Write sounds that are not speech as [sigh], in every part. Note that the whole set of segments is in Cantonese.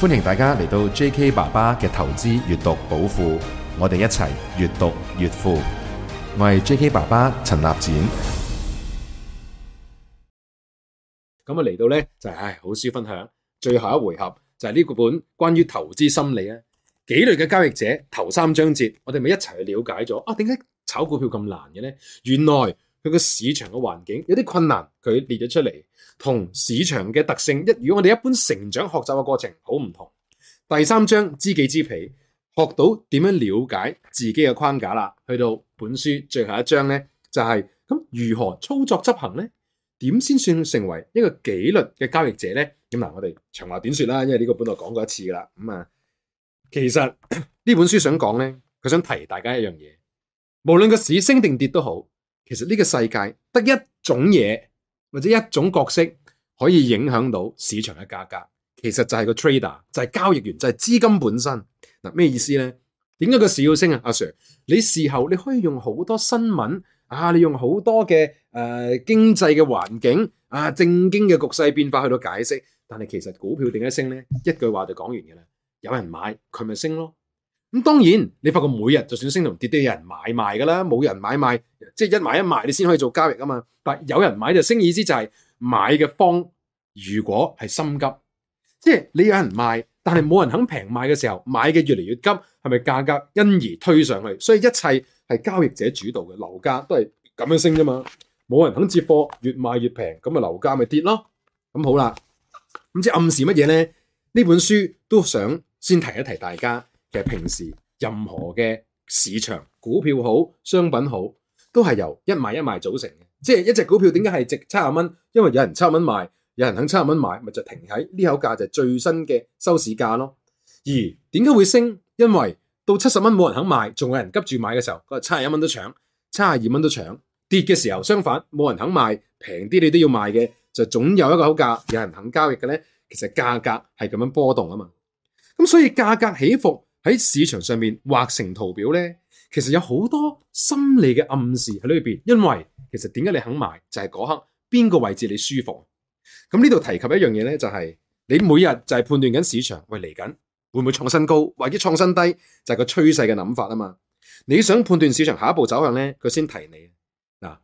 歡迎大家嚟到 J K 爸爸嘅投資閱讀寶庫，我哋一齊閱讀越富。我係 J K 爸爸陳立展。咁我嚟到呢、就係，就係唉好書分享，最後一回合就係呢本關於投資心理咧，紀律嘅交易者頭三章節，我哋咪一齊去了解咗啊？點解炒股票咁難嘅呢？原來。個市場嘅環境有啲困難，佢列咗出嚟，同市場嘅特性，一如我哋一般成長學習嘅過程好唔同。第三章知己知彼，學到點樣了解自己嘅框架啦。去到本書最後一章呢，就係、是、咁如何操作執行呢？點先算成為一個紀律嘅交易者呢？咁嗱，我哋長話短說啦，因為呢個本來講過一次噶啦。咁、嗯、啊，其實呢 [coughs] 本書想講呢，佢想提大家一樣嘢，無論個市升定跌都好。其實呢個世界得一種嘢，或者一種角色可以影響到市場嘅價格，其實就係個 trader，就係交易員，就係資金本身。啊、什咩意思呢？點解個市要升啊？阿 Sir，你事後你可以用好多新聞啊，你用好多嘅誒、呃、經濟嘅環境啊正經嘅局勢變化去到解釋，但係其實股票點解升呢？一句話就講完嘅啦，有人買佢咪升咯。咁當然，你發覺每日就算升同跌都有人買賣噶啦，冇人買賣，即係一買一賣，你先可以做交易噶嘛。但係有人買就升，意思就係買嘅方如果係心急，即係你有人賣，但係冇人肯平賣嘅時候，買嘅越嚟越急，係咪價格因而推上去？所以一切係交易者主導嘅樓價都係咁樣升啫嘛。冇人肯接貨，越賣越平，咁啊樓價咪跌咯。咁好啦，咁即暗示乜嘢咧？呢本書都想先提一提大家。其實平時任何嘅市場股票好，商品好，都係由一買一賣組成嘅。即係一隻股票點解係值七十蚊？因為有人七十蚊賣，有人肯七十蚊買，咪就停喺呢口價就係最新嘅收市價咯。而點解會升？因為到七十蚊冇人肯賣，仲有人急住買嘅時候，個七十一蚊都搶，七十二蚊都搶。跌嘅時候相反，冇人肯賣，平啲你都要賣嘅，就總有一個口價有人肯交易嘅咧。其實價格係咁樣波動啊嘛。咁所以價格起伏。喺市場上面畫成圖表咧，其實有好多心理嘅暗示喺裏邊。因為其實點解你肯買就係嗰刻邊個位置你舒服。咁呢度提及一樣嘢咧，就係你每日就係判斷緊市場喂嚟緊會唔會創新高或者創新低，就係個趨勢嘅諗法啊嘛。你想判斷市場下一步走向咧，佢先提你嗱。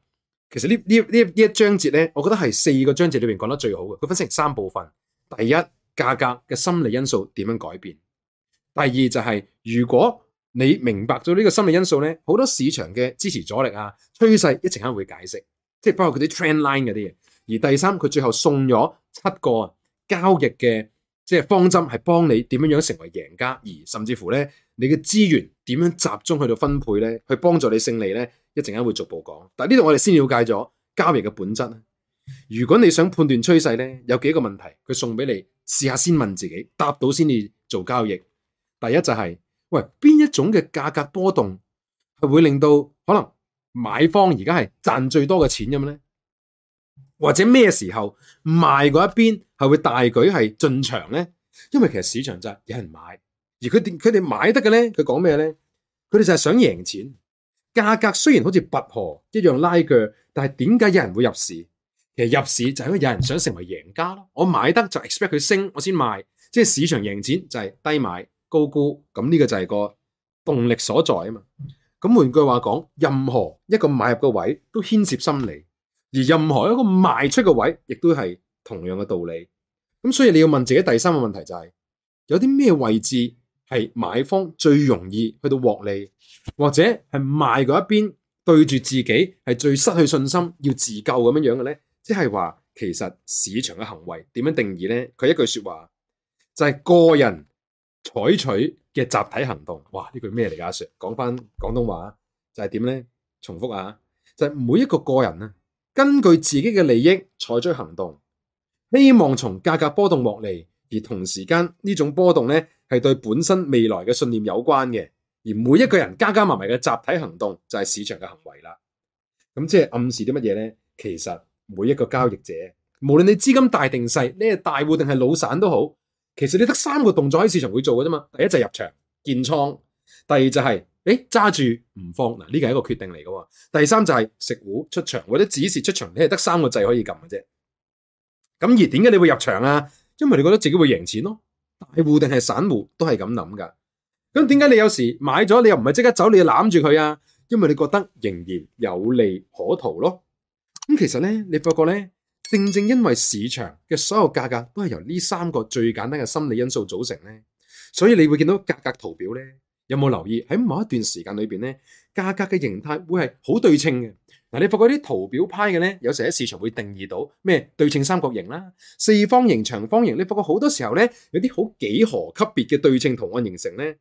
其實呢呢呢呢一章節咧，我覺得係四個章節裏邊講得最好嘅。佢分成三部分，第一價格嘅心理因素點樣改變。第二就係，如果你明白咗呢個心理因素咧，好多市場嘅支持阻力啊、趨勢一陣間會解釋，即係包括佢啲 trend line 嗰啲嘢。而第三，佢最後送咗七個交易嘅即係方針，係幫你點樣樣成為贏家，而甚至乎咧，你嘅資源點樣集中去到分配咧，去幫助你勝利咧，一陣間會逐步講。但係呢度我哋先了解咗交易嘅本質。如果你想判斷趨勢咧，有幾個問題，佢送俾你試下先問自己，答到先至做交易。第一就係、是，喂，邊一種嘅價格波動係會令到可能買方而家係賺最多嘅錢咁咧？或者咩時候賣嗰一邊係會大舉係進場咧？因為其實市場就係有人買，而佢哋佢哋買得嘅咧，佢講咩咧？佢哋就係想贏錢。價格雖然好似拔河一樣拉鋸，但係點解有人會入市？其實入市就係因為有人想成為贏家咯。我買得就 expect 佢升，我先賣，即係市場贏錢就係低買。高估，咁呢個就係個動力所在啊嘛！咁換句話講，任何一個買入嘅位都牽涉心理，而任何一個賣出嘅位亦都係同樣嘅道理。咁所以你要問自己第三個問題就係：有啲咩位置係買方最容易去到獲利，或者係賣嗰一邊對住自己係最失去信心要自救咁樣樣嘅呢？即係話其實市場嘅行為點樣定義呢？佢一句說話就係個人。採取嘅集體行動，哇！呢句咩嚟㗎？講返廣東話就係點呢？重複啊，就係每一個個人咧，根據自己嘅利益採取行動，希望從價格波動獲利，而同時間呢種波動呢係對本身未來嘅信念有關嘅。而每一個人加加埋埋嘅集體行動就係市場嘅行為啦。咁即係暗示啲乜嘢呢？其實每一個交易者，無論你資金大定細，你係大戶定係老散都好。其實你得三個動作喺市場會做嘅啫嘛。第一就係入場建倉，第二就係誒揸住唔放嗱，呢個係一個決定嚟嘅，第三就係食糊出場或者指示出場，你係得三個掣可以撳嘅啫。咁而點解你會入場啊？因為你覺得自己會贏錢咯，大戶定係散戶都係咁諗噶。咁點解你有時買咗你又唔係即刻走，你又攬住佢啊？因為你覺得仍然有利可圖咯。咁其實咧，你發覺咧。正正因為市場嘅所有價格都係由呢三個最簡單嘅心理因素組成咧，所以你會見到價格圖表咧，有冇留意喺某一段時間裏邊咧，價格嘅形態會係好對稱嘅。嗱，你發覺啲圖表派嘅咧，有時喺市場會定義到咩對稱三角形啦、四方形、長方形，你發覺好多時候咧，有啲好幾何級別嘅對稱圖案形成咧，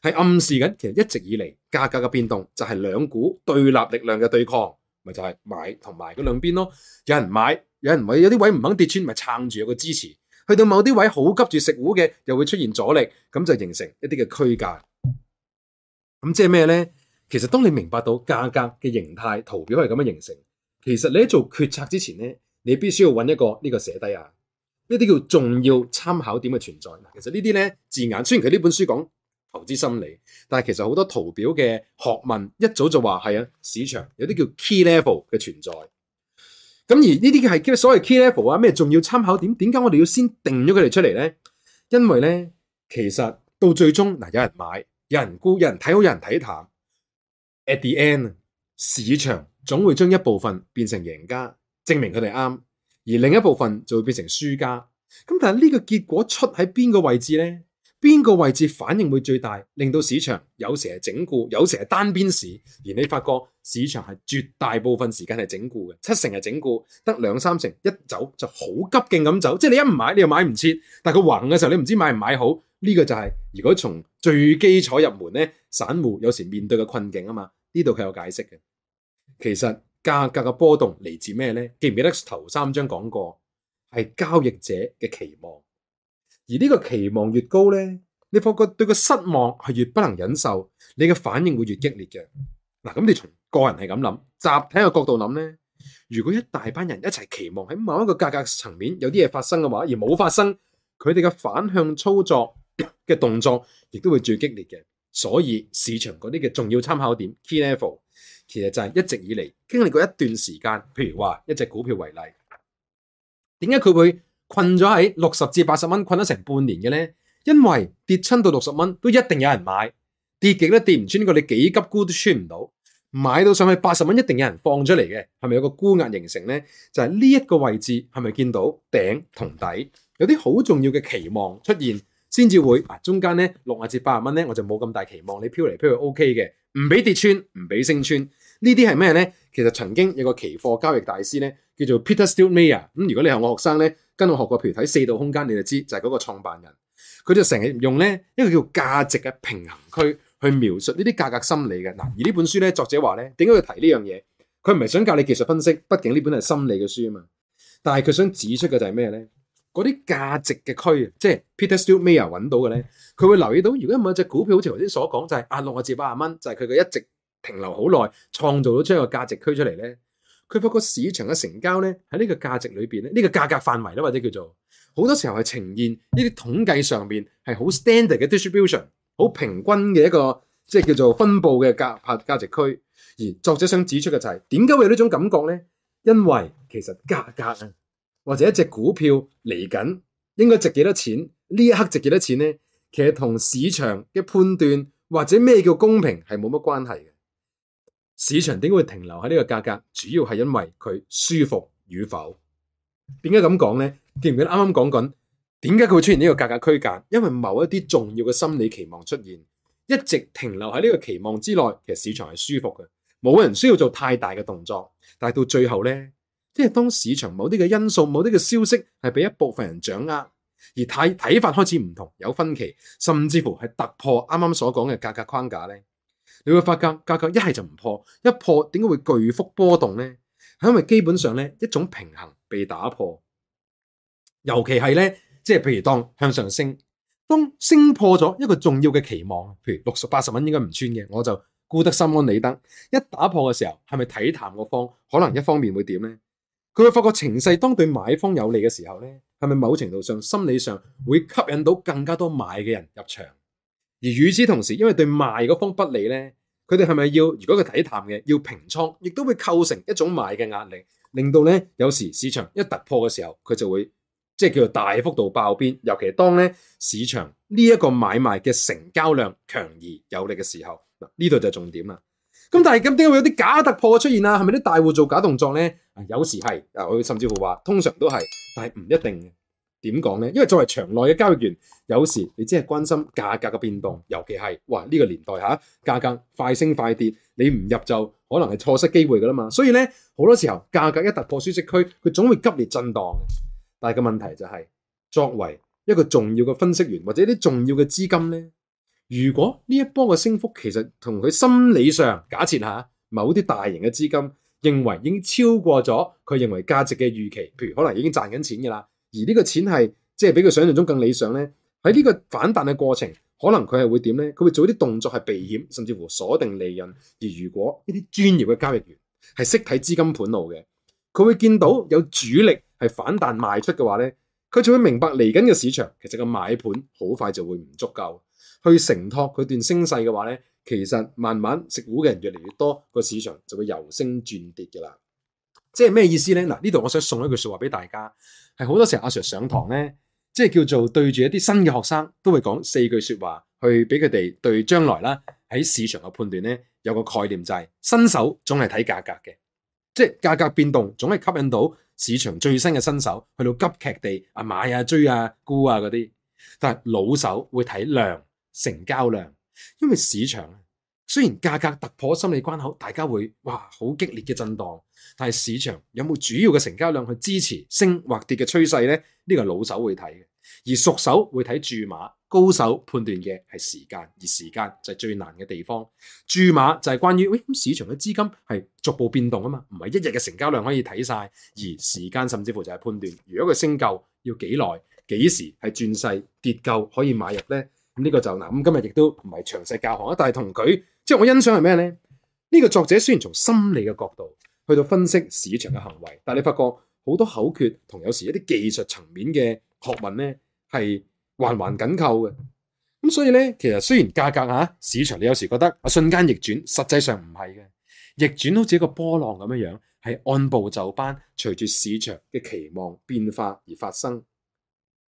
係暗示緊其實一直以嚟價格嘅變動就係兩股對立力量嘅對抗，咪就係買同埋賣嗰兩邊咯，有人買。有人唔係，有啲位唔肯跌穿，咪撐住有個支持；去到某啲位好急住食糊嘅，又會出現阻力，咁就形成一啲嘅區間。咁即係咩咧？其實當你明白到價格嘅形態圖表係咁樣形成，其實你喺做決策之前咧，你必須要搵一個呢個寫低啊，呢啲叫重要參考點嘅存在。其實呢啲咧字眼，雖然佢呢本書講投資心理，但係其實好多圖表嘅學問一早就話係啊，市場有啲叫 key level 嘅存在。咁而呢啲嘅係所謂 key level 啊，咩重要參考點？點解我哋要先定咗佢哋出嚟呢？因為呢，其實到最終嗱，有人買，有人沽，有人睇好，有人睇淡。At the end，市場總會將一部分變成贏家，證明佢哋啱；而另一部分就會變成輸家。咁但係呢個結果出喺邊個位置呢？邊個位置反應會最大，令到市場有時係整固，有時係單邊市，而你發覺？市場係絕大部分時間係整固嘅，七成係整固，得兩三成一走就好急勁咁走，即係你一唔買，你又買唔切，但係佢橫嘅時候，你唔知買唔買好呢、呢個就係、是、如果從最基礎入門咧，散戶有時面對嘅困境啊嘛，呢度佢有解釋嘅。其實價格嘅波動嚟自咩呢？記唔記得頭三章講過係交易者嘅期望，而呢個期望越高呢，你發覺對個失望係越不能忍受，你嘅反應會越，越激烈嘅。嗱，咁你從個人係咁諗，集體嘅角度諗咧，如果一大班人一齊期望喺某一個價格層面有啲嘢發生嘅話，而冇發生，佢哋嘅反向操作嘅動作，亦都會最激烈嘅。所以市場嗰啲嘅重要參考點 Key Level，其實就係一直以嚟經歷過一段時間，譬如話一隻股票為例，點解佢會困咗喺六十至八十蚊，困咗成半年嘅咧？因為跌親到六十蚊都一定有人買，跌極咧跌唔穿過，你幾急沽都穿唔到。買到上去八十蚊，一定有人放出嚟嘅，係咪有個沽壓形成咧？就係呢一個位置，係咪見到頂同底？有啲好重要嘅期望出現，先至會、啊、中間咧六啊至八十蚊咧，我就冇咁大期望，你飄嚟飄去 OK 嘅，唔俾跌穿，唔俾升穿，呢啲係咩咧？其實曾經有個期貨交易大師咧，叫做 Peter Steidlmayer，咁、嗯、如果你係我學生咧，跟我學過譬如睇四度空間，你就知就係嗰個創辦人，佢就成日用咧一個叫價值嘅平衡區。去描述呢啲價格心理嘅嗱，而呢本書咧，作者話咧，點解要提呢樣嘢？佢唔係想教你技術分析，畢竟呢本係心理嘅書啊嘛。但係佢想指出嘅就係咩咧？嗰啲價值嘅區，即係 Peter Steidlmayer 揾到嘅咧，佢會留意到，如果一隻股票好似頭先所講，就係啊六個字八啊蚊，就係佢嘅一直停留好耐，創造咗出一個價值區出嚟咧。佢發覺市場嘅成交咧，喺呢個價值裏面咧，呢個價格範圍咧，或者叫做好多時候係呈現呢啲統計上面係好 standard 嘅 distribution。好平均嘅一個即係叫做分佈嘅價價值區，而作者想指出嘅就係點解會有呢種感覺呢？因為其實價格啊，或者一隻股票嚟緊應該值幾多錢，呢一刻值幾多錢呢，其實同市場嘅判斷或者咩叫公平係冇乜關係嘅。市場點解會停留喺呢個價格？主要係因為佢舒服與否。點解咁講呢？記唔記得啱啱講緊？點解佢會出現呢個價格區間？因為某一啲重要嘅心理期望出現，一直停留喺呢個期望之內，其實市場係舒服嘅，冇人需要做太大嘅動作。但係到最後呢，即係當市場某啲嘅因素、某啲嘅消息係俾一部分人掌握，而睇睇法開始唔同，有分歧，甚至乎係突破啱啱所講嘅價格框架呢，你會發覺價格一係就唔破，一破點解會巨幅波動呢？係因為基本上呢，一種平衡被打破，尤其係呢。即係譬如當向上升，當升破咗一個重要嘅期望，譬如六十八十蚊應該唔穿嘅，我就沽得心安理得。一打破嘅時候，係咪睇淡嗰方可能一方面會點呢？佢會發覺情勢當對買方有利嘅時候呢，係咪某程度上心理上會吸引到更加多買嘅人入場？而與此同時，因為對賣嗰方不利呢，佢哋係咪要如果佢睇淡嘅要平倉，亦都會構成一種賣嘅壓力，令到呢，有時市場一突破嘅時候，佢就會。即係叫做大幅度爆邊，尤其當咧市場呢一個買賣嘅成交量強而有力嘅時候，嗱呢度就係重點啦。咁但係咁點解會有啲假突破出現啊？係咪啲大戶做假動作咧、啊？有時係，啊我甚至乎話通常都係，但係唔一定嘅。點講咧？因為作為場內嘅交易員，有時你只係關心價格嘅變動，尤其係哇呢、這個年代嚇，價、啊、格快升快跌，你唔入就可能係錯失機會噶啦嘛。所以呢，好多時候，價格一突破舒適區，佢總會激烈震盪。但係個問題就係，作為一個重要嘅分析員或者一啲重要嘅資金呢，如果呢一波嘅升幅其實同佢心理上假設吓，某啲大型嘅資金認為已經超過咗佢認為價值嘅預期，譬如可能已經賺緊錢噶啦，而呢個錢係即係比佢想象中更理想呢，喺呢個反彈嘅過程，可能佢係會點呢？佢會做一啲動作係避險，甚至乎鎖定利潤。而如果一啲專業嘅交易員係識睇資金盤路嘅。佢會見到有主力係反彈賣出嘅話咧，佢就會明白嚟緊嘅市場其實個買盤好快就會唔足夠去承托佢段升勢嘅話咧，其實慢慢食股嘅人越嚟越多，個市場就會由升轉跌嘅啦。即係咩意思咧？嗱，呢度我想送一句説話俾大家，係好多時阿 Sir 上堂咧，即係叫做對住一啲新嘅學生都會講四句説話，去俾佢哋對將來啦喺市場嘅判斷咧有個概念，就係新手總係睇價格嘅。即係價格變動，總係吸引到市場最新嘅新手去到急劇地買買啊追啊沽啊嗰啲，但係老手會睇量成交量，因為市場雖然價格突破心理關口，大家會哇好激烈嘅震盪，但係市場有冇主要嘅成交量去支持升或跌嘅趨勢呢？呢、呢個老手會睇嘅，而熟手會睇注碼，高手判斷嘅係時間，而時間就係最難嘅地方。注碼就係關於喂咁、哎、市場嘅資金係逐步變動啊嘛，唔係一日嘅成交量可以睇晒，而時間甚至乎就係判斷如果佢升夠要幾耐、幾時係轉勢跌夠可以買入呢？咁呢個就嗱，咁今日亦都唔係詳細教學，但係同佢。即係我欣賞係咩咧？呢個作者雖然從心理嘅角度去到分析市場嘅行為，但係你發覺好多口訣同有時一啲技術層面嘅學問咧，係環環緊扣嘅。咁所以咧，其實雖然價格啊，市場你有時覺得啊瞬間逆轉，實際上唔係嘅。逆轉好似一個波浪咁樣樣，係按部就班，隨住市場嘅期望變化而發生。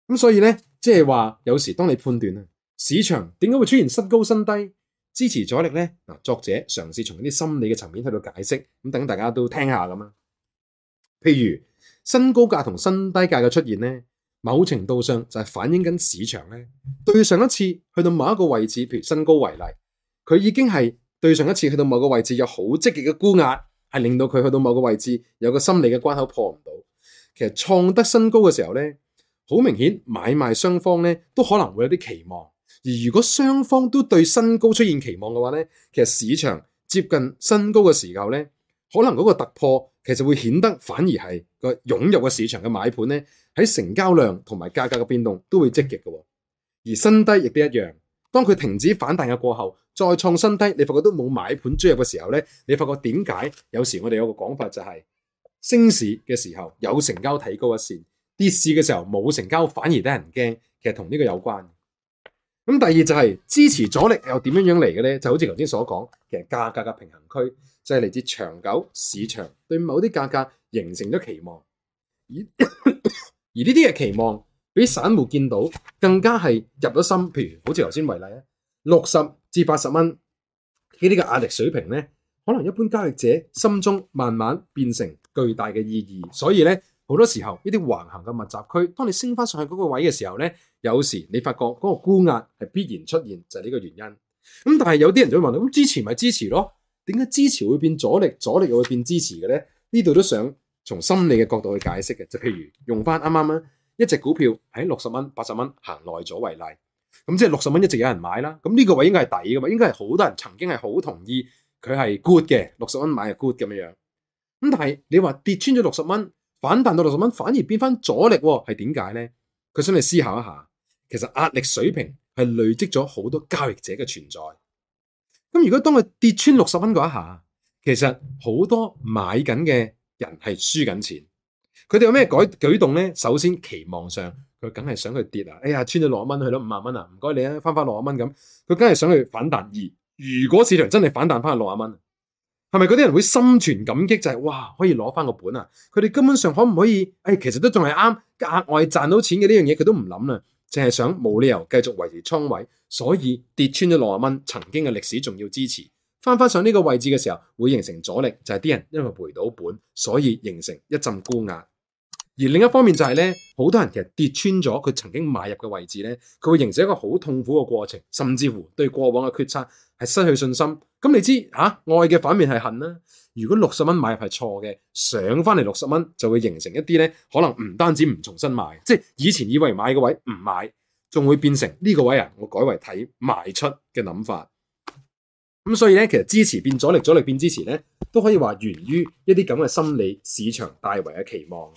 咁所以咧，即係話有時當你判斷啊，市場點解會出現新高新低？支持阻力呢，嗱，作者嘗試從一啲心理嘅層面去到解釋，咁等大家都聽下咁啊。譬如新高價同新低價嘅出現呢，某程度上就係反映緊市場呢對上一次去到某一個位置，譬如新高為例，佢已經係對上一次去到某個位置有好積極嘅沽壓，係令到佢去到某個位置有個心理嘅關口破唔到。其實創得新高嘅時候呢，好明顯買賣雙方呢都可能會有啲期望。而如果雙方都對新高出現期望嘅話呢，其實市場接近新高嘅時候呢，可能嗰個突破其實會顯得反而係個湧入嘅市場嘅買盤呢，喺成交量同埋價格嘅變動都會積極嘅。而新低亦都一樣，當佢停止反彈嘅過後，再創新低，你發覺都冇買盤追入嘅時候呢，你發覺點解？有時我哋有個講法，就係升市嘅時候有成交睇高一線，跌市嘅時候冇成交反而得人驚，其實同呢個有關。咁第二就係支持阻力又點樣樣嚟嘅咧？就好似頭先所講，其實價格嘅平衡區就係嚟自長久市場對某啲價格形成咗期望， [coughs] 而呢啲嘅期望比散戶見到，更加係入咗心。譬如好似頭先為例啊，六十至八十蚊呢啲嘅壓力水平咧，可能一般交易者心中慢慢變成巨大嘅意義，所以咧。好多時候呢啲橫行嘅密集區，當你升翻上去嗰個位嘅時候呢，有時你發覺嗰個沽壓係必然出現，就係、是、呢個原因。咁但係有啲人就會問：「咁支持咪支持咯？點解支持會變阻力，阻力又會變支持嘅呢？」呢度都想從心理嘅角度去解釋嘅，就譬如用翻啱啱一隻股票喺六十蚊、八十蚊行耐咗為例，咁即係六十蚊一直有人買啦。咁呢個位應該係抵噶嘛？應該係好多人曾經係好同意佢係 good 嘅，六十蚊買係 good 咁樣樣。咁但係你話跌穿咗六十蚊。反彈到六十蚊反而變翻阻力，係點解咧？佢想你思考一下，其實壓力水平係累積咗好多交易者嘅存在。咁如果當佢跌穿六十蚊嗰一下，其實好多買緊嘅人係輸緊錢，佢哋有咩改舉動咧？首先期望上佢梗係想去跌啊！哎呀，穿咗六十蚊去到五萬蚊啊，唔該你啊，翻翻六十蚊咁，佢梗係想去反彈。而如果市場真係反彈翻去六十蚊。係咪嗰啲人會心存感激、就是？就係哇，可以攞翻個本啊！佢哋根本上可唔可以？誒、哎，其實都仲係啱額外賺到錢嘅呢樣嘢，佢都唔諗啦，淨係想冇理由繼續維持倉位。所以跌穿咗六十蚊，曾經嘅歷史仲要支持翻翻上呢個位置嘅時候，會形成阻力。就係、是、啲人因為賠到本，所以形成一陣高壓。而另一方面就係、是、咧，好多人其實跌穿咗佢曾經買入嘅位置咧，佢會形成一個好痛苦嘅過程，甚至乎對過往嘅決策，係失去信心，咁你知吓、啊，愛嘅反面係恨啦。如果六十蚊買入係錯嘅，上翻嚟，六十蚊就會形成一啲咧，可能唔單止唔重新買，即係以前以為買嗰位唔買，仲會變成呢個位啊，我改為睇賣出嘅諗法。咁所以咧，其實支持變阻力，阻力變支持咧，都可以話源於一啲咁嘅心理市場大圍嘅期望。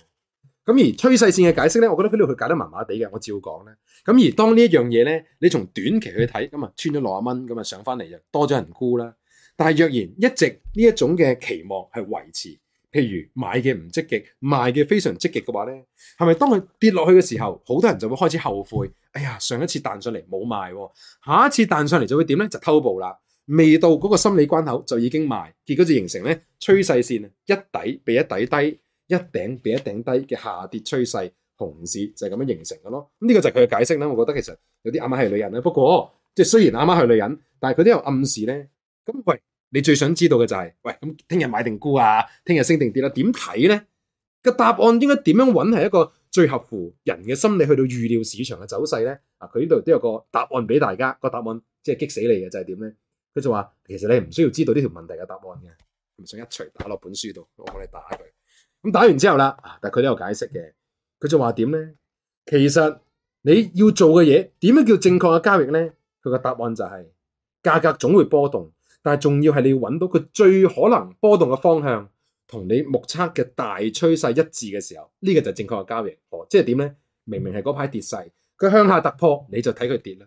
咁而趨勢線嘅解釋咧，我覺得佢呢度解得麻麻地嘅，我照講呢，咁而當呢一樣嘢咧，你從短期去睇，咁啊穿咗六十蚊，咁啊上翻嚟就多咗人沽啦。但係若然一直呢一種嘅期望係維持，譬如買嘅唔積極，賣嘅非常積極嘅話咧，係咪當佢跌落去嘅時候，好多人就會開始後悔？哎呀，上一次彈上嚟冇賣，下一次彈上嚟就會點咧？就偷步啦，未到嗰個心理關口就已經賣，結果就形成咧趨勢線啊一底比一底低。一頂比一頂低嘅下跌趨勢，熊市就係咁樣形成嘅咯。咁呢個就係佢嘅解釋啦。我覺得其實有啲阿媽係女人咧，不過即係雖然阿媽係女人，但係佢都有暗示咧。咁喂，你最想知道嘅就係、是，喂，咁聽日買定沽啊，聽日升定跌啦，啊？點睇咧？個答案應該點樣揾係一個最合乎人嘅心理去到預料市場嘅走勢咧？啊，佢呢度都有個答案俾大家。個答案即係激死你嘅就係點咧？佢就話其實你唔需要知道呢條問題嘅答案嘅，唔想一錘打落本書度，我幫你打佢。咁打完之後啦，但係佢都有解釋嘅，佢就話點呢？其實你要做嘅嘢，點樣叫正確嘅交易呢？佢個答案就係、是、價格總會波動，但係仲要係你要搵到佢最可能波動嘅方向，同你目測嘅大趨勢一致嘅時候，呢、這個就係正確嘅交易。哦，即係點呢？明明係嗰排跌勢，佢向下突破，你就睇佢跌啦。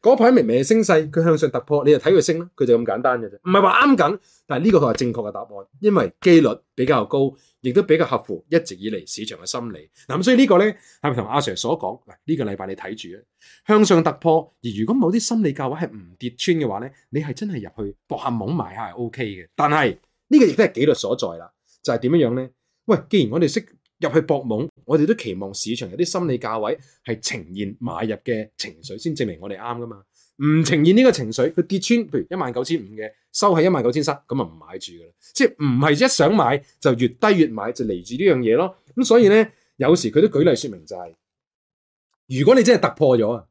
嗰排明明升勢，佢向上突破，你就睇佢升啦，佢就咁簡單嘅啫，唔係話啱緊，但係呢個佢係正確嘅答案，因為機率比較高，亦都比較合乎一直以嚟市場嘅心理。嗱、嗯，咁所以個呢所、呢個咧係咪同阿 Sir 所講？嗱，呢個禮拜你睇住，向上突破，而如果某啲心理價位係唔跌穿嘅話咧，你係真係入去博下懵買下係 OK 嘅，但係呢、呢個亦都係紀律所在啦，就係、是、點樣樣咧？喂，既然我哋識。入去博懵，我哋都期望市場有啲心理價位係呈現買入嘅情緒，先證明我哋啱噶嘛。唔呈現呢個情緒，佢跌穿，譬如一萬九千五嘅收喺一萬九千三，咁啊唔買住噶啦。即係唔係一想買就越低越買，就嚟自呢樣嘢咯。咁所以咧，有時佢都舉例說明就係，如果你真係突破咗啊，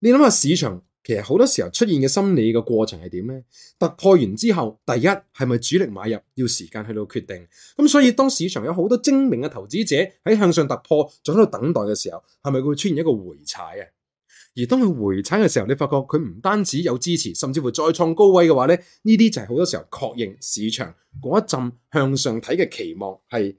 你諗下市場。其實好多時候出現嘅心理嘅過程係點呢？突破完之後，第一係咪主力買入？要時間去到決定。咁所以當市場有好多精明嘅投資者喺向上突破，仲喺度等待嘅時候，係咪會出現一個回踩啊？而當佢回踩嘅時候，你發覺佢唔單止有支持，甚至乎再創高位嘅話呢，呢啲就係好多時候確認市場嗰一陣向上睇嘅期望係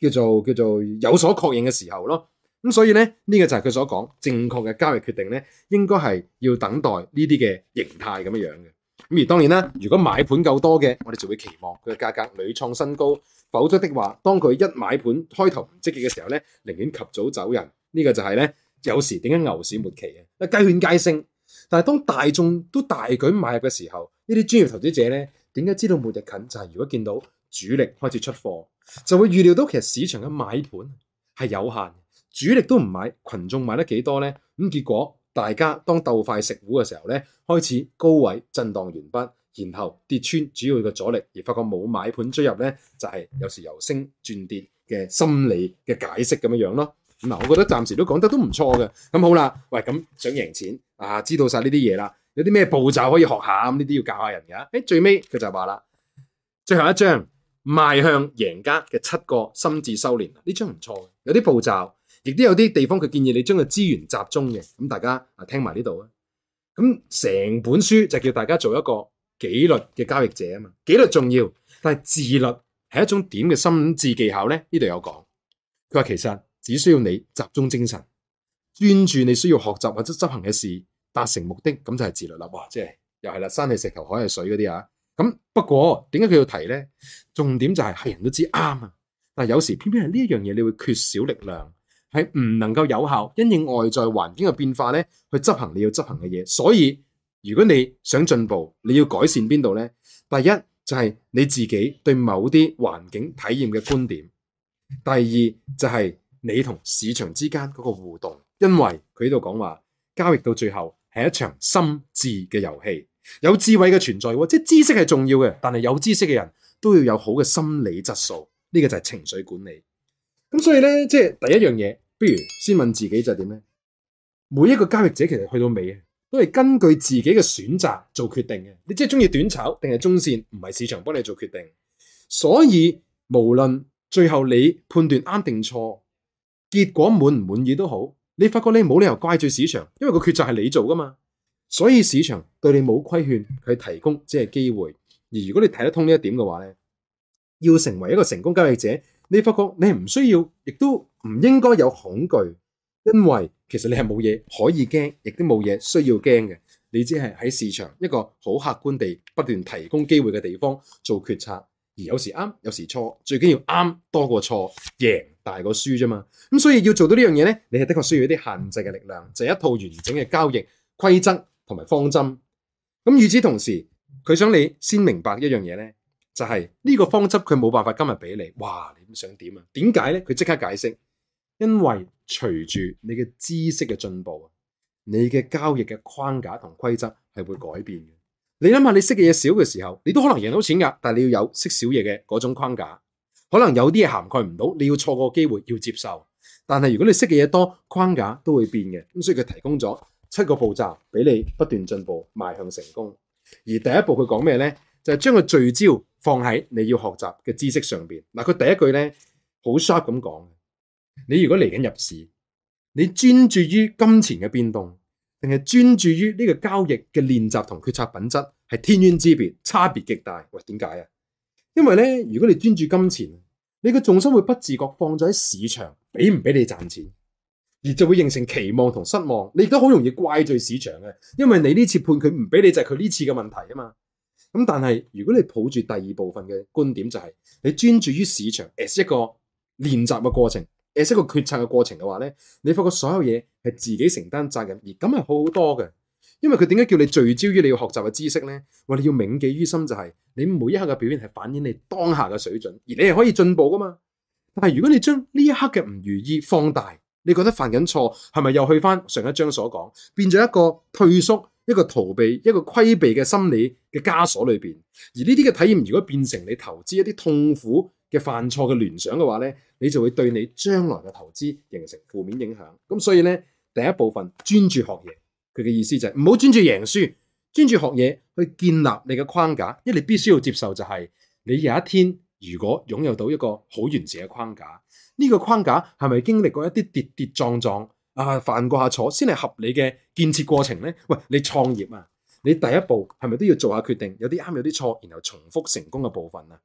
叫做叫做有所確認嘅時候咯。咁所以咧，呢個就係佢所講正確嘅交易決定咧，應該係要等待呢啲嘅形態咁樣樣嘅。咁而當然啦，如果買盤夠多嘅，我哋就會期望佢嘅價格屢創新高；否則的話，當佢一買盤開頭唔積極嘅時候咧，寧願及早走人。呢個就係咧，有時點解牛市末期啊？雞犬皆升，但係當大眾都大舉買入嘅時候，呢啲專業投資者咧，點解知道末日近？就係如果見到主力開始出貨，就會預料到其實市場嘅買盤係有限。主力都唔買，群眾買得幾多呢？咁結果大家當鬥快食糊嘅時候呢，開始高位震盪完畢，然後跌穿主要嘅阻力，而發覺冇買盤追入呢，就係、是、有時由升轉跌嘅心理嘅解釋咁樣囉。咯。嗱，我覺得暫時都講得都唔錯嘅。咁好啦，喂，咁想贏錢啊，知道晒呢啲嘢啦，有啲咩步驟可以學下？咁呢啲要教下人㗎、欸。最尾佢就話啦，最後一張邁向贏家嘅七個心智修煉，呢張唔錯，有啲步驟。亦都有啲地方佢建議你將個資源集中嘅，咁大家啊聽埋呢度啊。咁成本書就叫大家做一個紀律嘅交易者啊嘛，紀律重要，但係自律係一種點嘅心智技巧呢？呢度有講，佢話其實只需要你集中精神，專注你需要學習或者執行嘅事，達成目的咁就係自律啦。哇，即係又係啦，山係石頭，海係水嗰啲啊。咁不過點解佢要提呢？重點就係係人都知啱啊，但係有時偏偏係呢一樣嘢，你會缺少力量。係唔能夠有效因應外在環境嘅變化咧，去執行你要執行嘅嘢。所以如果你想進步，你要改善邊度呢？第一就係你自己對某啲環境體驗嘅觀點；第二就係你同市場之間嗰個互動。因為佢喺度講話，交易到最後係一場心智嘅遊戲，有智慧嘅存在，或者知識係重要嘅。但係有知識嘅人都要有好嘅心理質素，呢個就係情緒管理。咁所以咧，即係第一樣嘢，不如先問自己就係點咧？每一個交易者其實去到尾啊，都係根據自己嘅選擇做決定嘅。你即係中意短炒定係中線，唔係市場幫你做決定。所以無論最後你判斷啱定錯，結果滿唔滿意都好，你發覺你冇理由怪罪市場，因為個決策係你做噶嘛。所以市場對你冇規勸，佢提供只係機會。而如果你睇得通呢一點嘅話咧，要成為一個成功交易者。你發覺你唔需要，亦都唔應該有恐懼，因為其實你係冇嘢可以驚，亦都冇嘢需要驚嘅。你只係喺市場一個好客觀地不斷提供機會嘅地方做決策，而有時啱，有時錯，最緊要啱多過錯，贏大過輸啫嘛。咁所以要做到呢樣嘢呢，你係的確需要一啲限制嘅力量，就係一套完整嘅交易規則同埋方針。咁與此同時，佢想你先明白一樣嘢呢。就係呢個方針佢冇辦法今日俾你，哇！你都想點啊？點解呢？佢即刻解釋，因為隨住你嘅知識嘅進步，你嘅交易嘅框架同規則係會改變嘅。你諗下，你識嘅嘢少嘅時候，你都可能贏到錢噶，但係你要有識少嘢嘅嗰種框架，可能有啲嘢涵蓋唔到，你要錯過機會要接受。但係如果你識嘅嘢多，框架都會變嘅，咁所以佢提供咗七個步驟俾你不斷進步，邁向成功。而第一步佢講咩呢？就係將佢聚焦，放喺你要學習嘅知識上邊嗱，佢第一句咧好 sharp 咁講，你如果嚟緊入市，你專注於金錢嘅變動，定係專注於呢個交易嘅練習同決策品質，係天淵之別，差別極大。喂，點解啊？因為咧，如果你專注金錢，你個重心會不自覺放咗喺市場，俾唔俾你賺錢，而就會形成期望同失望，你亦都好容易怪罪市場嘅，因為你呢次判佢唔俾你，就係佢呢次嘅問題啊嘛。咁但係如果你抱住第二部分嘅觀點，就係你專注於市場，as 一個練習嘅過程，as 一個決策嘅過程嘅話咧，你發覺所有嘢係自己承擔責任，而咁係好多嘅，因為佢點解叫你聚焦於你要學習嘅知識咧？我哋要銘記於心就係你每一刻嘅表現係反映你當下嘅水準，而你係可以進步㗎嘛。但係如果你將呢一刻嘅唔如意放大，你覺得犯緊錯，係咪又去返上一章所講，變咗一個退縮？一個逃避，一個規避嘅心理嘅枷鎖裏邊，而呢啲嘅體驗如果變成你投資一啲痛苦嘅犯錯嘅聯想嘅話呢，你就會對你將來嘅投資形成負面影響。咁所以呢，第一部分專注學嘢，佢嘅意思就係唔好專注贏輸，專注學嘢去建立你嘅框架，因為你必須要接受就係你有一天如果擁有到一個好完善嘅框架，呢個框架係咪經歷過一啲跌跌撞撞？啊，犯過下錯先係合理嘅建設過程咧。喂，你創業啊，你第一步係咪都要做下決定？有啲啱，有啲錯，然後重複成功嘅部分啊。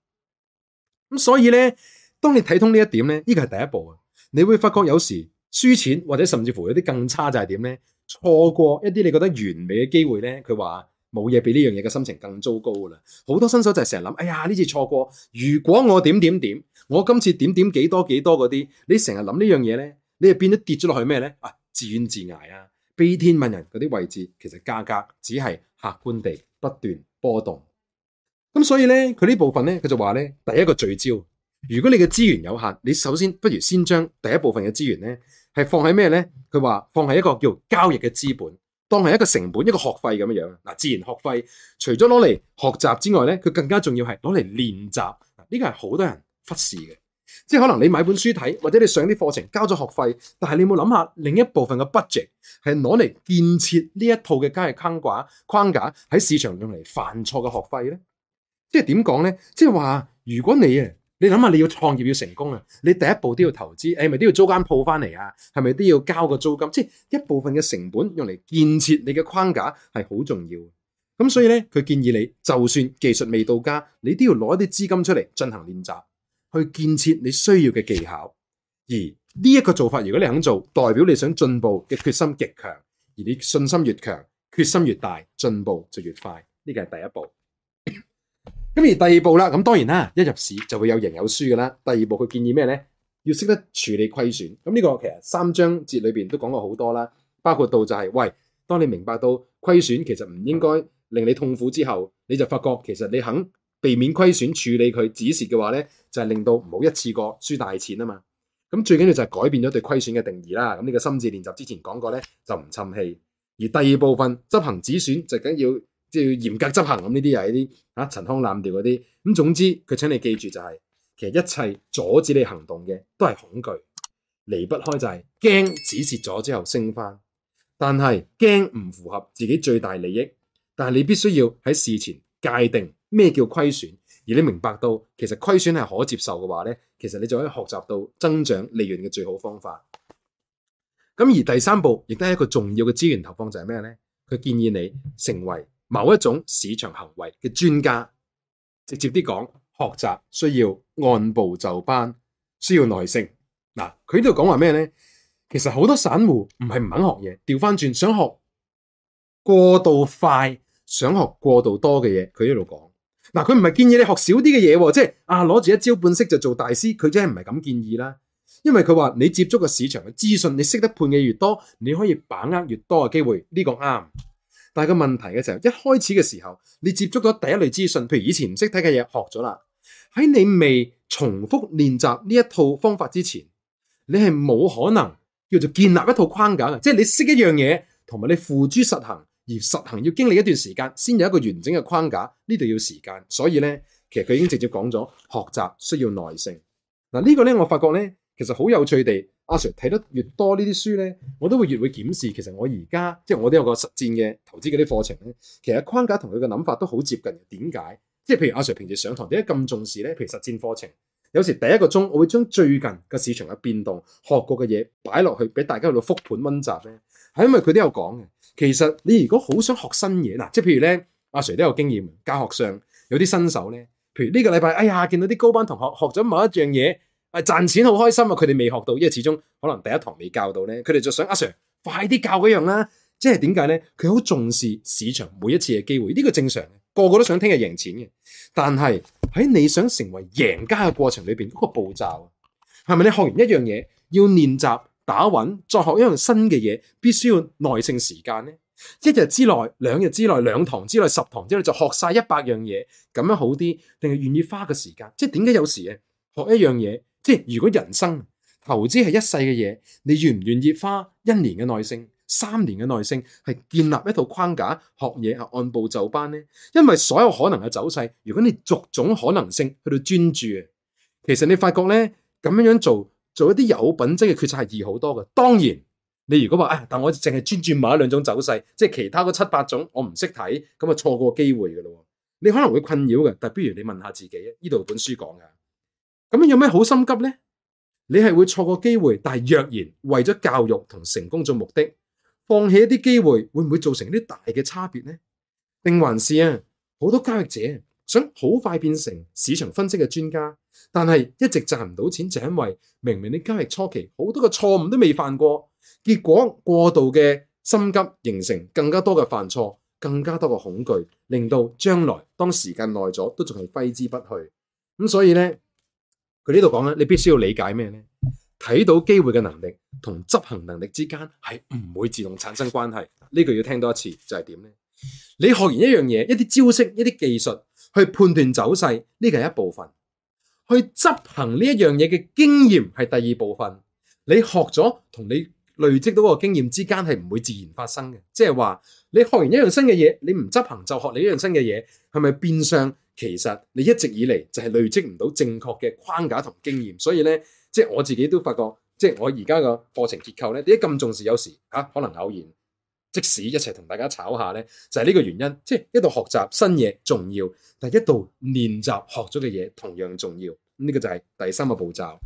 咁所以咧，當你睇通呢一點咧，呢個係第一步啊。你會發覺有時輸錢或者甚至乎有啲更差就係點咧？錯過一啲你覺得完美嘅機會咧。佢話冇嘢比呢樣嘢嘅心情更糟糕噶啦。好多新手就係成日諗，哎呀呢次錯過，如果我點點點，我今次點點幾多幾多嗰啲，你成日諗呢樣嘢咧。你就變咗跌咗落去咩咧？啊，自怨自艾啊，悲天憫人嗰啲位置，其實價格只係客觀地不斷波動。咁所以咧，佢呢部分咧，佢就話咧，第一個聚焦，如果你嘅資源有限，你首先不如先將第一部分嘅資源咧，係放喺咩咧？佢話放喺一個叫交易嘅資本，當係一個成本，一個學費咁樣樣。嗱，自然學費除咗攞嚟學習之外咧，佢更加重要係攞嚟練習。呢個係好多人忽視嘅。即係可能你買本書睇，或者你上啲課程交咗學費，但係你有冇諗下另一部分嘅 budget 係攞嚟建設呢一套嘅交易框架框架喺市場用嚟犯錯嘅學費呢？即係點講呢？即係話如果你啊，你諗下你要創業要成功啊，你第一步都要投資，誒，係咪都要租間鋪翻嚟啊，係咪都要交個租金？即係一部分嘅成本用嚟建設你嘅框架係好重要。咁所以呢，佢建議你就算技術未到家，你都要攞一啲資金出嚟進行練習。去建設你需要嘅技巧，而呢一個做法，如果你肯做，代表你想進步嘅決心極強，而你信心越強，決心越大，進步就越快。呢個係第一步。咁 [coughs] 而第二步啦，咁當然啦，一入市就會有贏有輸噶啦。第二步佢建議咩呢？要識得處理虧損。咁呢個其實三章節裏邊都講過好多啦，包括到就係、是、喂，當你明白到虧損其實唔應該令你痛苦之後，你就發覺其實你肯。避免虧損、處理佢、止蝕嘅話呢，就係令到唔好一次過輸大錢啊嘛。咁最緊要就係改變咗對虧損嘅定義啦。咁呢個心智練習之前講過呢，就唔沉氣。而第二部分執行止損，就緊要即係要嚴格執行，咁呢啲，又係啲嚇陳腔濫調嗰啲。咁總之，佢請你記住就係其實一切阻止你行動嘅都係恐懼，離不開就係驚止蝕咗之後升翻，但係驚唔符合自己最大利益。但係你必須要喺事前界定。咩叫虧損？而你明白到其實虧損係可接受嘅話咧，其實你就可以學習到增長利潤嘅最好方法。咁而第三步亦都係一個重要嘅資源投放就係咩咧？佢建議你成為某一種市場行為嘅專家。直接啲講，學習需要按部就班，需要耐性。嗱，佢呢度講話咩咧？其實好多散戶唔係唔肯學嘢，調翻轉想學過度快，想學過度多嘅嘢。佢呢度講。嗱，佢唔係建議你學少啲嘅嘢喎，即係啊攞住一招半式就做大師，佢真係唔係咁建議啦。因為佢話你接觸個市場嘅資訊，你識得判嘅越多，你可以把握越多嘅機會，呢個啱。但係個問題嘅就係，一開始嘅時候，你接觸咗第一類資訊，譬如以前唔識睇嘅嘢學咗啦，喺你未重複練習呢一套方法之前，你係冇可能叫做建立一套框架嘅，即係你識一樣嘢同埋你付諸實行。而實行要經歷一段時間，先有一個完整嘅框架，呢度要時間。所以咧，其實佢已經直接講咗，學習需要耐性。嗱、這個，呢個咧，我發覺咧，其實好有趣地，阿、啊、Sir 睇得越多這些書呢啲書咧，我都會越會檢視。其實我而家即係我都有個實戰嘅投資嗰啲課程咧，其實框架同佢嘅諗法都好接近。點解？即係譬如阿、啊、Sir 平時上堂點解咁重視咧？譬如實戰課程，有時第一個鐘，我會將最近個市場嘅變動、學過嘅嘢擺落去俾大家去度復盤溫習咧，係因為佢都有講嘅。其實你如果好想學新嘢，嗱，即係譬如咧，阿 Sir 都有經驗，教學上有啲新手咧，譬如呢個禮拜，哎呀，見到啲高班同學學咗某一樣嘢，誒，賺錢好開心啊，佢哋未學到，因為始終可能第一堂未教到咧，佢哋就想阿 Sir 快啲教嗰樣啦。即係點解咧？佢好重視市場每一次嘅機會，呢個正常，個個都想聽日贏錢嘅。但係喺你想成為贏家嘅過程裏邊，嗰個步驟係咪你學完一樣嘢要練習？打穩再學一樣新嘅嘢，必須要耐性時間呢。一日之內、兩日之內、兩堂之內、十堂之內就學晒一百樣嘢，咁樣好啲，定係願意花個時間？即係點解有時啊，學一樣嘢，即係如果人生投資係一世嘅嘢，你願唔願意花一年嘅耐性、三年嘅耐性，係建立一套框架學嘢啊，按部就班呢？因為所有可能嘅走勢，如果你逐種可能性去到專注，其實你發覺咧，咁樣樣做。做一啲有品質嘅決策係易好多嘅。當然，你如果話，啊、哎、但我淨係專注某一兩種走勢，即係其他嗰七八種我唔識睇，咁啊錯過機會嘅咯。你可能會困擾嘅，但不如你問下自己，呢度本書講㗎，咁樣有咩好心急呢？你係會錯過機會，但若然為咗教育同成功做目的，放棄一啲機會，會唔會造成啲大嘅差別呢？定還是啊，好多交易者想好快變成市場分析嘅專家？但係一直賺唔到錢，就因為明明你交易初期好多個錯誤都未犯過，結果過度嘅心急形成更加多嘅犯錯，更加多嘅恐懼，令到將來當時間耐咗都仲係揮之不去。咁所以呢，佢呢度講咧，你必須要理解咩呢？睇到機會嘅能力同執行能力之間係唔會自動產生關係。呢句要聽多一次就係點呢？你學完一樣嘢，一啲招式、一啲技術去判斷走勢，呢個係一部分。去執行呢一樣嘢嘅經驗係第二部分，你學咗同你累積到個經驗之間係唔會自然發生嘅，即係話你學完一樣新嘅嘢，你唔執行就學你一樣新嘅嘢，係咪變相？其實你一直以嚟就係累積唔到正確嘅框架同經驗？所以呢，即係我自己都發覺，即係我而家個課程結構呢，點解咁重視有時、啊、可能偶然？即使一齊同大家炒下呢就係、是、呢個原因，即、就、係、是、一度學習新嘢重要，但係一度練習學咗嘅嘢同樣重要。呢、這個就係第三個步驟。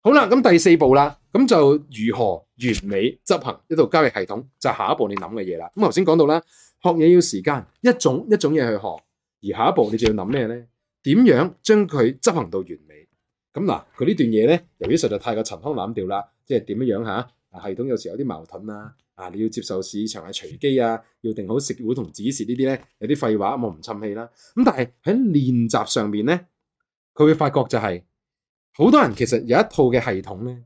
好啦，咁第四步啦，咁就如何完美執行一度交易系統，就是、下一步你諗嘅嘢啦。咁頭先講到啦，學嘢要時間，一種一種嘢去學。而下一步你就要諗咩呢？點樣將佢執行到完美？咁嗱，佢呢段嘢呢，由於實在太過陳腔濫調啦，即係點樣樣吓、啊？系統有時有啲矛盾啦。啊！你要接受市場嘅隨機啊，要定好食會同指示呢啲咧，有啲廢話，我唔氹氣啦。咁但係喺練習上面咧，佢會發覺就係好多人其實有一套嘅系統咧，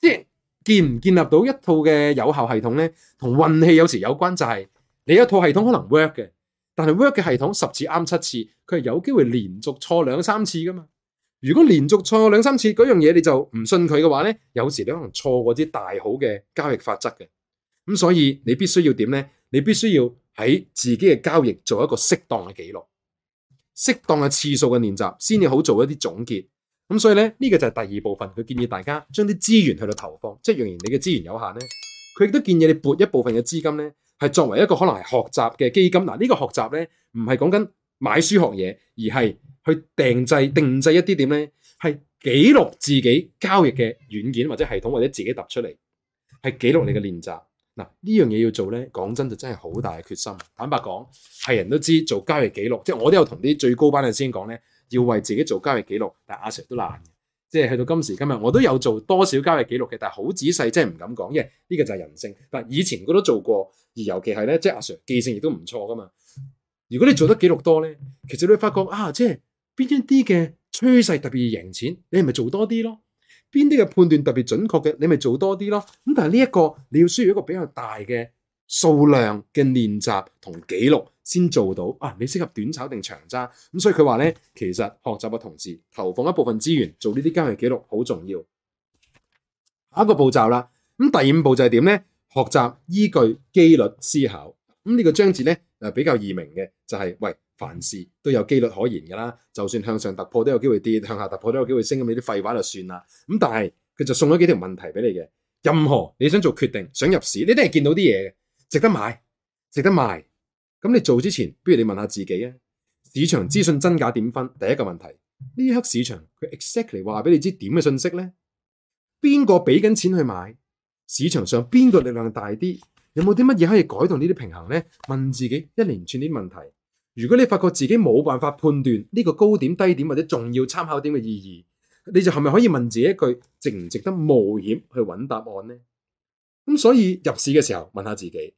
即係建唔建立到一套嘅有效系統咧，同運氣有時有關。就係你有一套系統可能 work 嘅，但係 work 嘅系統十次啱七次，佢係有機會連續錯兩三次㗎嘛。如果連續錯兩三次嗰樣嘢，你就唔信佢嘅話咧，有時你可能錯過啲大好嘅交易法則嘅。咁所以你必須要點呢？你必須要喺自己嘅交易做一個適當嘅記錄，適當嘅次數嘅練習，先至好做一啲總結。咁所以呢，呢個就係第二部分，佢建議大家將啲資源去到投放。即係雖然你嘅資源有限呢，佢亦都建議你撥一部分嘅資金呢，係作為一個可能係學習嘅基金。嗱、啊，呢個學習呢，唔係講緊買書學嘢，而係去定製、定製一啲點呢，係記錄自己交易嘅軟件或者系統，或者自己揼出嚟，係記錄你嘅練習。嗱，呢樣嘢要做咧，講真就真係好大嘅決心。坦白講，係人都知做交易記錄，即係我都有同啲最高班嘅先講咧，要為自己做交易記錄。但阿 Sir 都難，即係去到今時今日，我都有做多少交易記錄嘅，但係好仔細，真係唔敢講，因為呢個就係人性。但以前我都做過，而尤其係咧，即係阿 Sir 記性亦都唔錯噶嘛。如果你做得記錄多咧，其實你會發覺啊，即係邊一啲嘅趨勢特別易贏錢，你係咪做多啲咯？邊啲嘅判斷特別準確嘅，你咪做多啲咯。咁但係呢一個你要需要一個比較大嘅數量嘅練習同記錄先做到。啊，你適合短炒定長揸？咁所以佢話呢，其實學習嘅同時投放一部分資源做呢啲交易記錄好重要。下一個步驟啦，咁第五步就係點呢？學習依據機率思考。咁呢個章節呢，誒比較易明嘅就係、是、喂。凡事都有機率可言㗎啦，就算向上突破都有機會跌，向下突破都有機會升咁，你啲廢話就算啦。咁但係佢就送咗幾條問題俾你嘅，任何你想做決定、想入市，你都係見到啲嘢嘅，值得買、值得賣。咁你做之前，不如你問下自己啊，市場資訊真假點分？第一個問題，呢刻市場佢 exactly 話俾你知點嘅信息呢？邊個俾緊錢去買？市場上邊個力量大啲？有冇啲乜嘢可以改動呢啲平衡呢？問自己一連串啲問題。如果你發覺自己冇辦法判斷呢個高點、低點或者重要參考點嘅意義，你就係咪可以問自己一句值唔值得冒險去揾答案呢？咁所以入市嘅時候問下自己，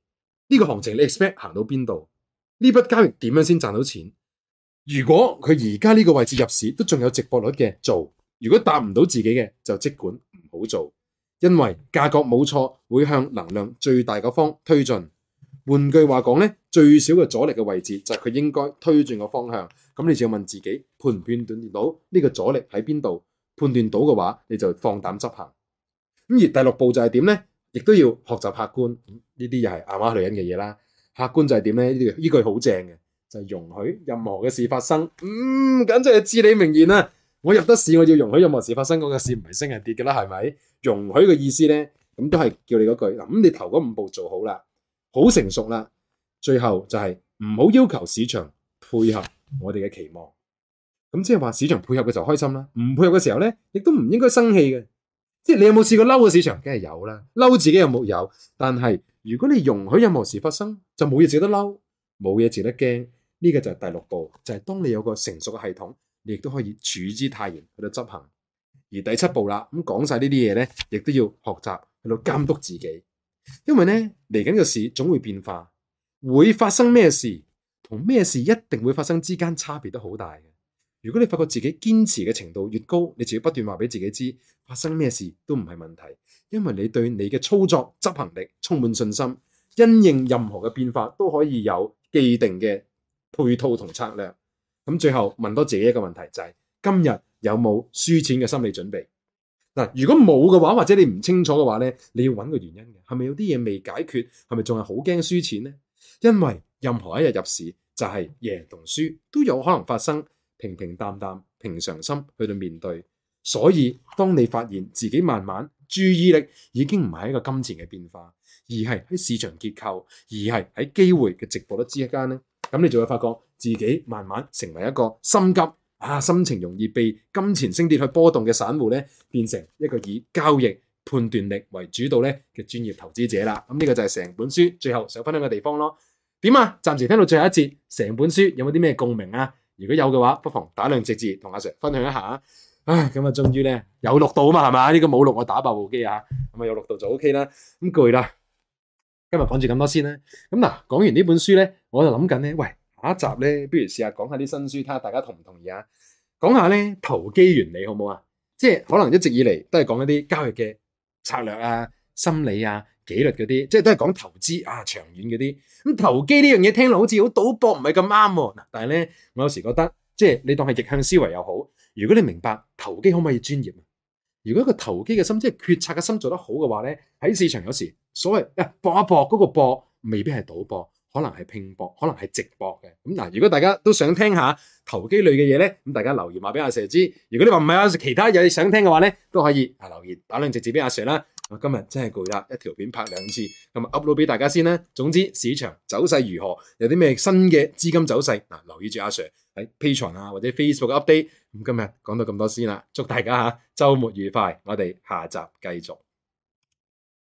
呢個行情你 expect 行到邊度？呢筆交易點樣先賺到錢？如果佢而家呢個位置入市都仲有值博率嘅做，如果答唔到自己嘅就即管唔好做，因為價格冇錯會向能量最大嗰方推進。換句話講呢。最少嘅阻力嘅位置就係佢應該推進個方向，咁你就要問自己判唔判斷到呢個阻力喺邊度？判斷到嘅話，你就放膽執行。咁而第六步就係點呢？亦都要學習客觀，呢啲又係阿媽女人嘅嘢啦。客觀就係點呢？呢句好正嘅就係、是、容許任何嘅事發生。嗯，簡直係至理名言啦、啊！我入得市，我要容許任何事發生。我嘅事唔係升係跌㗎啦，係咪？容許嘅意思呢，咁都係叫你嗰句。咁你頭嗰五步做好啦，好成熟啦。最後就係唔好要求市場配合我哋嘅期望，咁即係話市場配合嘅時候開心啦，唔配合嘅時候呢，亦都唔應該生氣嘅。即係你有冇試過嬲嘅市場？梗係有啦，嬲自己又冇有。但係如果你容許任何事發生，就冇嘢值得嬲，冇嘢值得驚。呢個就係第六步，就係當你有個成熟嘅系統，你亦都可以處之泰然去到執行。而第七步啦，咁講晒呢啲嘢呢，亦都要學習去到監督自己，因為呢嚟緊嘅市總會變化。會發生咩事，同咩事一定會發生之間差別得好大嘅。如果你發覺自己堅持嘅程度越高，你就要不斷話俾自己知，發生咩事都唔係問題，因為你對你嘅操作執行力充滿信心，因應任何嘅變化都可以有既定嘅配套同策略。咁最後問多自己一個問題，就係今日有冇輸錢嘅心理準備？嗱，如果冇嘅話，或者你唔清楚嘅話呢，你要揾個原因嘅，係咪有啲嘢未解決？係咪仲係好驚輸錢呢？因為任何一日入市就係、是、贏同輸都有可能發生，平平淡淡、平常心去到面對。所以當你發現自己慢慢注意力已經唔係一個金錢嘅變化，而係喺市場結構，而係喺機會嘅值博率之間呢，咁你就會發覺自己慢慢成為一個心急啊，心情容易被金錢升跌去波動嘅散戶呢，變成一個以交易，判斷力為主導咧嘅專業投資者啦，咁呢個就係成本書最後想分享嘅地方咯。點啊？暫時聽到最後一節，成本書有冇啲咩共鳴啊？如果有嘅話，不妨打兩隻字同阿 Sir 分享一下。唉，咁啊，終於咧有錄到啊嘛，係嘛？呢個冇錄我打爆部機啊，咁啊有錄到就 OK 啦。咁攰啦，今日講住咁多先啦。咁嗱，講完呢本書咧，我就諗緊咧，喂下一集咧，不如試下講下啲新書，睇下大家同唔同意啊？講下咧投機原理好唔好啊？即係可能一直以嚟都係講一啲交易嘅。策略啊、心理啊、紀律嗰啲，即係都係講投資啊、長遠嗰啲。咁投機呢樣嘢聽落好似好賭博，唔係咁啱。但係咧，我有時覺得，即係你當係逆向思維又好。如果你明白投機可唔可以專業，如果一個投機嘅心，即係決策嘅心做得好嘅話咧，喺市場有時所謂啊搏一搏，嗰個搏未必係賭博。可能係拼搏，可能係直播嘅。咁嗱，如果大家都想聽下投機類嘅嘢咧，咁大家留言話俾阿 Sir 知。如果你話唔係阿 Sir，其他嘢想聽嘅話咧，都可以啊留言打兩隻字俾阿 Sir 啦。我今日真係攰啦，一條片拍兩次，咁啊 upload 俾大家先啦。總之市場走勢如何，有啲咩新嘅資金走勢，嗱留意住阿 Sir 喺 Patreon 啊或者 Facebook 嘅 update。咁今日講到咁多先啦，祝大家吓週末愉快，我哋下集繼續。